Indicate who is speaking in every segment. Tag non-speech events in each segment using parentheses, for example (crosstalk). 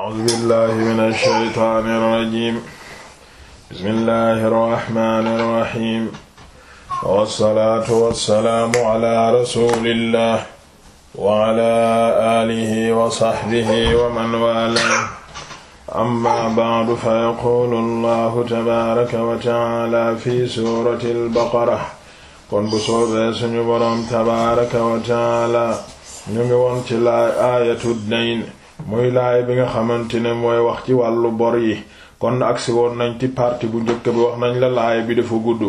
Speaker 1: a'uuzu billahi mina shaytaani rajiim bismillahi rahmaani rahiim wassalaatu wassalaamu ala rasulillah wa ala alihi wa sahbihi wa man waalaahu amma ba'du fa yaquulu allahu tabaaraka wa ta'aala fi suurati al-baqara kon bu soobee suñu boroom tabaaraka wa ta'aala ñu ngi woon ci la aayatu dayn muy laay bi nga xamante ne mooy wax ci wàllu bor yi kon si woon nañ ci partie bu njëkk bi wax nañ la laay bi dafa gudd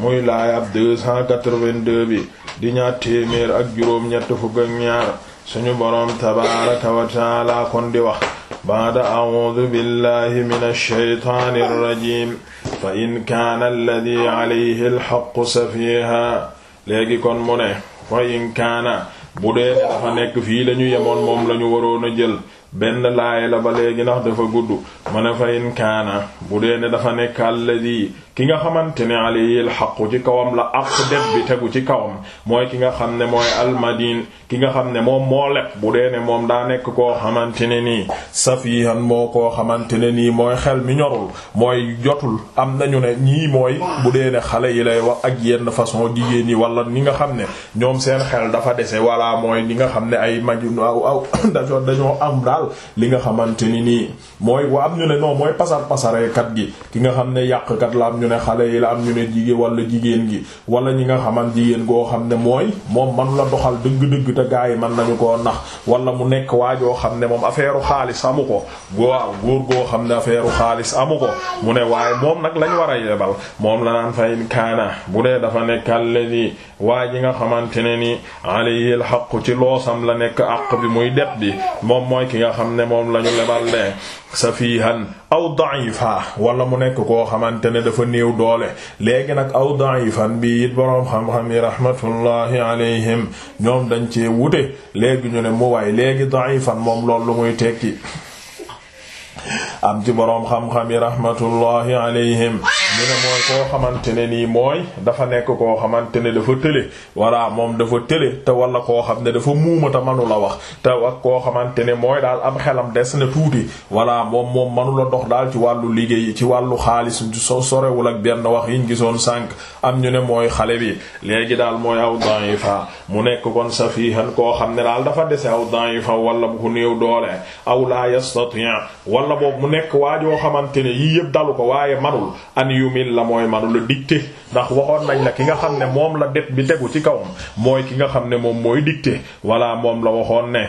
Speaker 1: muy laay ab 282 bi di ñaar téeméer ak juróom ñett fukk ak ñaar suñu boroom tabaaraka wa taala kon di wax baada a'uudu billahi minash shaytaanir rajiim fa in kaana alladhi alayhi alhaqqu safiiha léegi kon mu ne fa in kaana bu dee dafa nekk fii lañu yemoon moom lañu waroon a jël benn laaya la ba léegi ndax dafa gudd ma ne fa in kaana bu dee ne dafa nekk alladi ki nga xamante ne alayhi xaqu ci kawam la àq det bi tegu ci kawam mooy ki nga xam ne mooy almadin ki nga xam ne moom moo leb bu dee ne moom daa nekk koo xamante ne nii safihan moo koo xamante ne nii mooy xel mi ñorul mooy jotul am nañu ne ñii mooy bu dee ne xale yi lay wax ak yenn façon jigéen yi wala ñi nga xam ne ñoom seen xel dafa dese wala mooy li nga xam ne ay majun aw aw (coughs) dañoo dañoo am daal li nga xamante ni nii mooy wa am ñu ne non mooy pasar pasarekat gi ki nga xam ne yàqkat la ñu ne xale yi la am ñu ne jigéen wala jigéen gi wala ñi nga xaman jigéen goo xam ne mooy moom man la doxal dëgg-dëgg te gaa yi man nañu koo nax wala mu nekk waajoo xam ne moom affaire xaalis amu ko waaw góor goo xam ne affaire xaalis amu ko mu ne waaye moom nag lañ war a yebal moom la naan fayin kaana bu dee dafa nekk alladi waa yi nga xamante ne ni alayhi alxaqu ci loosam la nekk àq bi muy det bi moom mooy ki nga xam ne moom lañu lebal de safihan aw da'ifa wala mu nekk koo xamante ne dafa néew doole léegi nag aw da'ifan bi it boroom xam-xam yi rahmatullahi alayhim ñoom dañ cee wute léegi ñu ne mu waay léegi da'ifan moom loolu lu muy tekki am ci boroom xam-xam yi rahmatullahi alayhim ñu ne mooy koo xamante ne nii mooy dafa nekk koo xamante ne dafa tële walla moom dafa tële te walla koo xam ne dafa muuma te manu la wax te ak koo xamante ne mooy daal am xelam des na tuuti walla moom moom manu la dox daal ci wàllu liggéey ci wàllu xaalis so sorewul ak benn wax yiñ gisoon sànq am ñu ne mooy xale bi léegi daal mooy aw fa mu nekk kon safihan koo xam ne daal dafa dese aw da'ifa walla bu ko néew doole aw la yastati' walla boobu mu nekk waajoo xamante ne yii yëpp dalu ko waaye manul yumil la mooy manu la dicté ndax waxoon nañ la ki nga xam ne moom la det bi tegu ci kawam mooy ki nga xam ne moom mooy dicté walla moom la waxoon ne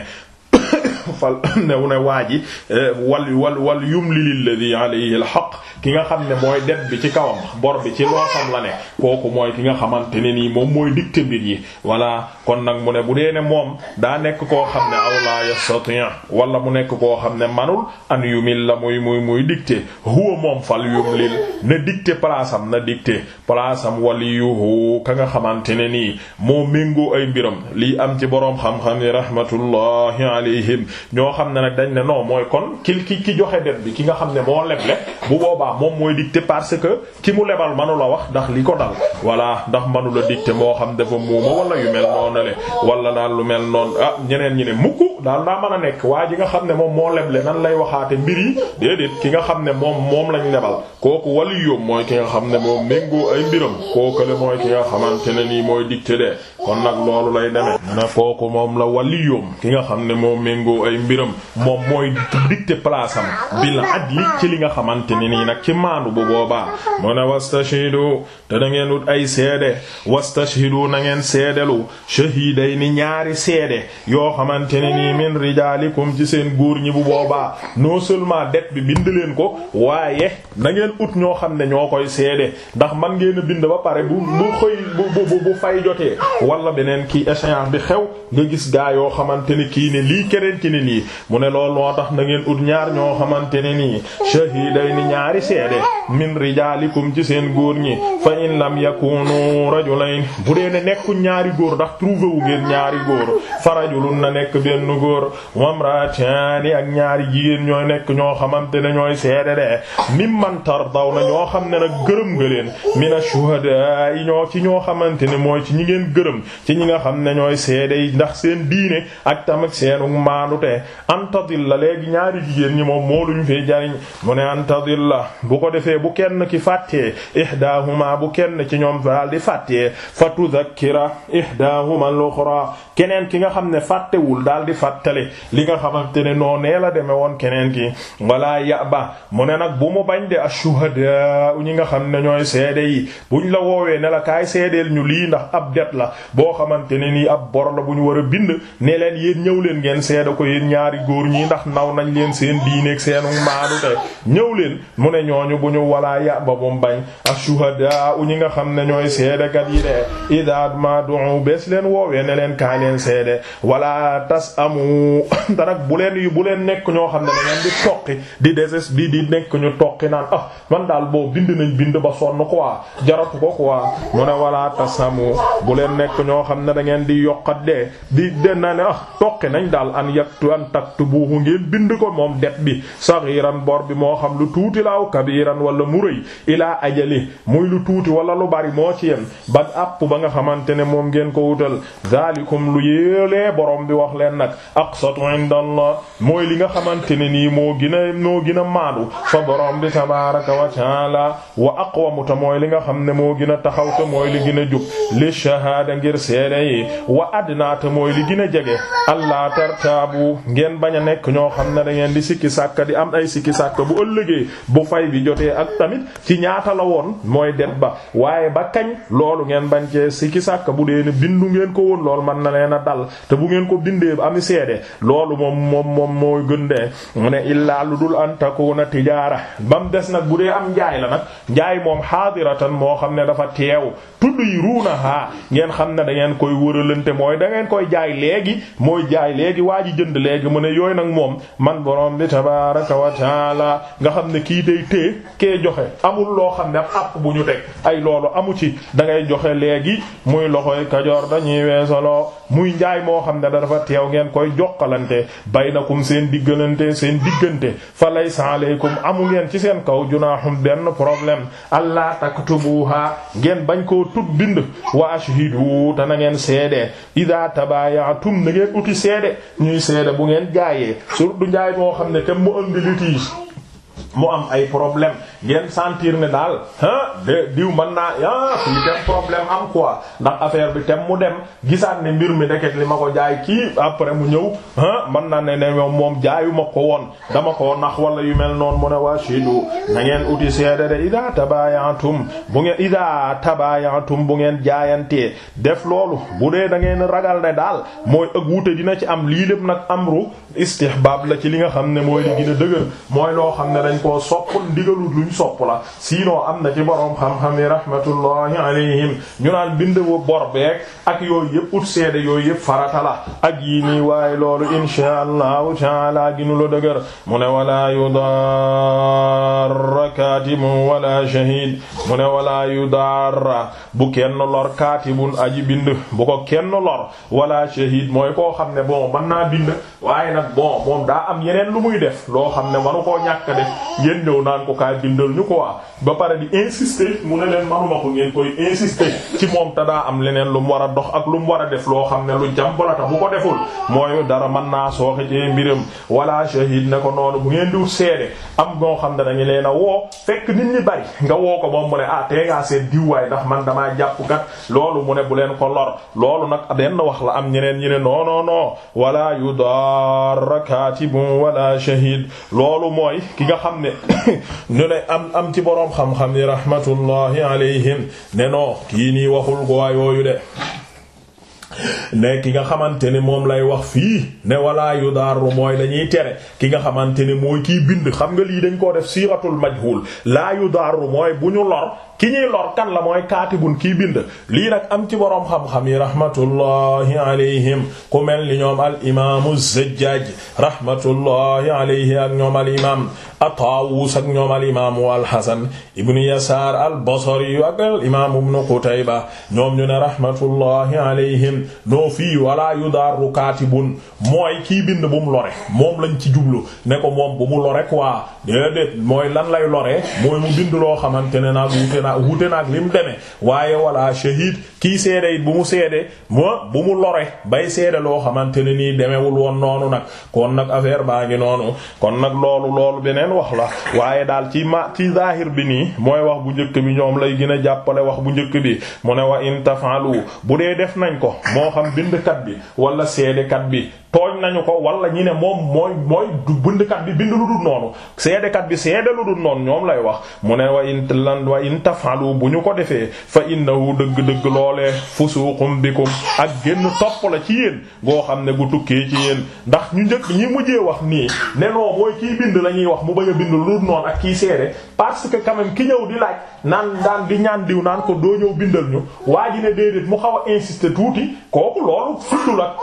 Speaker 1: fal (laughs) new ne waa ji eh, wal wal wal yumli lilladi alayhi alhaq ki nga xam ne mooy det bi ci kawam bor bi ci loosam la ne kooku mooy ki nga xamante ne nii moom mooy dicte mbir yi voilà kon nag mu ne bu dee ne moom daa nekk koo xam ne aw la yastati' wala mu nekk koo xam ne manul an yumil la muy muy muy dicté huwa moom fal yumlil na dicté palaasam na dicté palaasam waliyuhu ka nga xamante ne nii moo méngoo ay mbiram lii am ci boroom xam-xam yi rahmatullahi alayhim ñoo xam ne nag dañ ne noo mooy kon ki ki joxe det bi ki nga xam ne moo leble bu boobaa moom mooy dicté parce que ki mu lebal manu wax ndax li ko dal voilà ndax manu la dicté moo xam dafa muuma wala yu mel moo le wala daal lu mel noonu ah ñeneen ñi ne mukk daal daa mën a nekk waa ji nga xam ne moom moo leble nan lay waxaate mbir yi déedéet ki nga xam ne moom moom lañ lebal kooku wali yoom mooy ki nga xam ne moom méngoo ay mbiram kookale mooy ki nga xamante ne nii mooy dicté de kon nag loolu lay demee mu kooku moom la waliyum ki nga xam ne moo méngoo ay mbiram moom mooy dicté place am bil adli ci li nga xamante ne nii nag ci maandu bu boobaa mu ne wastashhidu te na ngeen wut ay seede wastashhidu na ngeen seedelu ni ñaari seede yoo xamante ne nii min rijaalikum ci seen góor ñi bu boobaa noo seulement det bi bind leen ko waaye na ngeen ut ñoo xam ne ñoo koy seede ndax man ngeen bind ba pare bu bu xëy bu bu bu fay wala beneen kii échéance bi xew nga gis gaa yoo xamante ni kii lii keneen ki ne lii mu ne loolu moo tax na ngeen ut ñaar ñoo xamante ne nii shahiday ni ñaari seede min rijaalikum ci seen góor ñi fa in lam yakunu rajulayn bu dee ne nekku ñaari góor ndax trouvé wu ngeen ñaari góor fa rajulun na nekk benn góor wamrataani ak ñaari jigéen ñooy nekk ñoo xamante ne ñooy seede de mimman tardaw na ñoo xam ne nag gërëm nga leen mina shuhada yi ñoo ñoo ci ñi ci ñi nga xam ne ñooy seede yi ndax seen diine ak tamit seenu maanute antadilla léegi ñaari jigéen ñi moom moo luñ fee jariñ mu ne antadilla bu ko defee bu kenn ki fàttee ihdahuma bu kenn ci ñoom daal di fàttee fa tudhakkira ihdahuma al-ukhra keneen ki nga xam ne fàttewul daal di fàttale li nga xamante ne noo nee la demee woon keneen ki wala yaba mu ne nag bu mu bañ de ashuhada ñi nga xam ne ñooy seede yi buñ la woowee ne la kaay seedeel ñu lii ndax ab det la boo xamante ne nii ab bor la bu ñu war a bind ne leen yéen ñëw leen ngeen seede ko yéen ñaari góor ñi ndax naw nañ leen seen diineeg seenu maadu te ñëw leen mu ne ñooñu bu ñu walaa ya ba mu a ashuhada u ñi nga xam ne ñooy seedekat yi de idaat ma du'u bees leen woowee ne leen kaay leen seede wala tas amu te (laughs) nag bu leen bu leen nekk ñoo xam ne da di toqi di deses di di nekk ñu toqi naan a ah man daal boo bind nañ bind ba sonn quoi jaratu ko ñoo xam ne da ngeen di yokkat dee di den na ne ah toqi nañ daal an yaktu an taktubuhu ngeen bind ko moom det bi saghiran bor bi moo xam lu tuuti laaw kabiran wala mu rëy ilaa ajali muy lu tuuti wala lu bari moo ci yem ba àpp ba nga xamante ne moom ngeen ko wutal zalikum lu yéelee borom bi wax leen nag aqsatu inda allah mooy li nga xamante ne nii moo gën a moo gën a maadu fa borom bi tabaraka wa taala wa aqwamu ta mooy li nga xam ne moo gën a taxaw te mooy li gën a jub li shahada ngir seede yi wa adnaa te mooy li gën a jege allah tartaabu ngeen bañ a nekk ñoo xam ne da ngeen di sikki sàkka di am ay sikki sàkka bu ëllëgee bu fay bi jotee ak tamit ci ñaata la woon mooy det ba waaye ba kañ loolu ngeen bañ cee sikki sàkka bu dee ne bindu ngeen ko woon lool man na leen a dal te bu ngeen ko bindee am seede loolu moom moom moom mooy gën de mu ne illaa lu dul an takuna tijaara bam des nag bu dee am njaay la nag njaay moom xaadiratan moo xam ne dafa xam ne da ngeen koy wëralante mooy da ngeen koy jaay léegi mooy jaay léegi waa ji jënd léegi mu ne yooyu nag moom man borom bi tabaraka wa taala nga xam ne kii day téye kee joxe amul loo xam ne am àpp bu ñu teg ay loolu amu ci da ngay joxe léegi muy loxoy kajoor dañuy weesaloo muy njaay moo xam ne dafa teew ngeen koy jokkalante baynakum seen diggalante seen diggante fa lay laysa alaykum amu ngeen ci seen kaw junaahum benn problème allah taktubuha ngeen bañ koo tut bind wa ashhidu washhadu te na ngeen seede ida tabaayaatum na ngeen uti seede ñuy seede bu ngeen jaayee surtout njaay moo xam ne te mu indi litige mu am ay problème ngeen sentir ne daal ah de diw man naa ah fii def problème am quoi ndax affaire bi tem mu dem gisaat ne mbir mi ndeket li ma ko jaay kii après mu ñëw ah man naa ne ne moom jaayu ma ko woon dama ko nax wala yu mel noonu mu ne waa shidu na ngeen uti seede de ida tabayantum bu ngeen ida tabayantum bu ngeen jaayantee def loolu bu dee da ngeen ragal ne daal mooy ak wuute dina ci am lii lépp nag amru istihbab la ci li nga xam ne mooy li gën a dañ sopp la am na ci borom xam-xam yi rahmatullahi alayhim ñu naan bind wa bor ak yooyu yëpp ut seede yooyu yëpp farata la ak yii nii waaye loolu insha allahu taala ginu la dëgër mu ne wala yudar kaatibun wala shahid mu ne wala yudaara bu kenn lor kaatibun aji bind bu ko kenn lor wala shahid mooy koo xam ne bon man naa bind waaye nag boo moom daa am yeneen lu muy def loo xam ne waru koo ñàkk def ngeen ñëw naan ko kaay bindal ñu ko waa ba pare bi insister mu ne leen manuma ko ngeen koy insister ci moom te daa am leneen lu mu war a dox ak lu mu war a def loo xam ne lu jàmb la ta bu ko deful mooy dara man naa sooxe ci mbiram wala shahid ne a fekk nit ñi bari nga woo ko moom mu ne ah tee ngaa seen man damaa jàpp kat loolu mu ne bu leen ko lor loolu nag benn wax la am ñeneen ñi ne non non non wala yudarra katibun wala shahid loolu mooy ki nga xam ne (coughs) ñu ne am am ci boroom xam-xam ni rahmatullahi alayhim ne non kii nii waxul gowaayooyu de ne ki nga xamante ne moom lay wax fii ne wala yu daaru mooy dañuy tere ki nga xamante ne mooy kiy bind xam nga lii dañ koo def siiratul majhul laa yu daaru mooy bu ñu lor ki ñuy lor kan la mooy kaatibun ki bind lii nag am ci boroom xam-xam yi rahmatullahi alayhim ku mel ni ñoom al imaamu Zajjaaj rahmatullahi alayhi ak ñoom al imaam Ataawus ak ñoom al imaamu al Hasan ibn Yasaar al Basri ak al imaamu ibn Qutayba ñoom ñu ne rahmatullahi alayhim noo fii walaa yudaaru kaatibun mooy kii bind bu mu lore moom lañ ci jublu ne ko moom bu mu lore quoi déedéet mooy lan lay lore mooy mu bind loo xamante ne naa wuute na naa wute naag li mu demee waaye wala shahid kii seede yi bu mu seede mo bu mu lore bay seede loo xamante ne nii demewul woon noonu nag kon nag affaire baa ngi noonu kon nag loolu loolu beneen wax la waaye daal ci ma ci zahir bi nii mooy wax bu njëkk bi ñoom lay gën a jàppale wax bu njëkk bi mu ne wa in tafalu bu dee def nañ ko moo xam bindkat bi wala seedekat bi tooñ nañu ko wala ñi ne moom mooy mooy du bindkat bi bind lu dul noonu seedekat bi seede lu dul noon ñoom lay wax mu ne wa in lan wa in tafalu bu ñu ko defee fa innahu dëgg-dëgg loolee fusuqum bikum ak génn topp la ci yéen goo xam ne gu tukkee ci yéen ndax ñu njëkk ñi mujjee wax nii ne noo mooy kiy bind la ñuy wax mu bañ a bind lu dul noonu ak kiy seede parce que quand ki ñëw di laaj naan daan di ñaan diw naan ko doo ñëw bindal ñu waa ji mu xaw a insister tuuti kooku loolu fuddul ak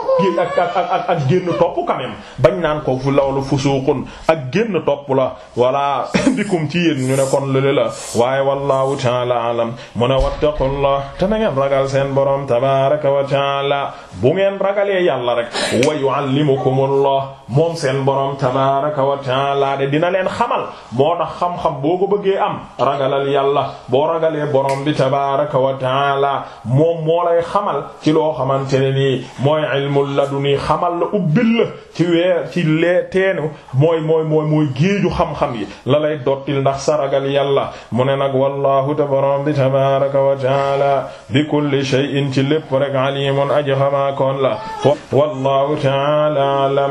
Speaker 1: ak ak ak génn topp quand bañ naan ko fu loolu fusuuqun ak génn topp la voilà dikum (laughs) ci yéen ñu ne kon lële la waaye wallahu ta'ala alam mu ne wattaqullah te na ngeen ragal seen borom tabaraka wa ta'ala bu ngeen ragalee yàlla rek wa yu'allimukumullah moom seen borom tabaaraka wa ta'aala de dina leen xamal moo tax xam-xam boo ko bëggee am ragalal yàlla boo ragalee borom bi tabaaraka wa ta'aala moom moo lay xamal ci loo xamante ne nii mooy ilmul laduni xamal la ubbil la ci weer ci lee teenu mooy mooy mooy mooy géeju xam-xam yi la lay dottil ndax sa ragal yàlla mu ne nag wallahu ta borom bi tabaaraka wa ta'aala bi kulli shay'in ci lépp rek alimun la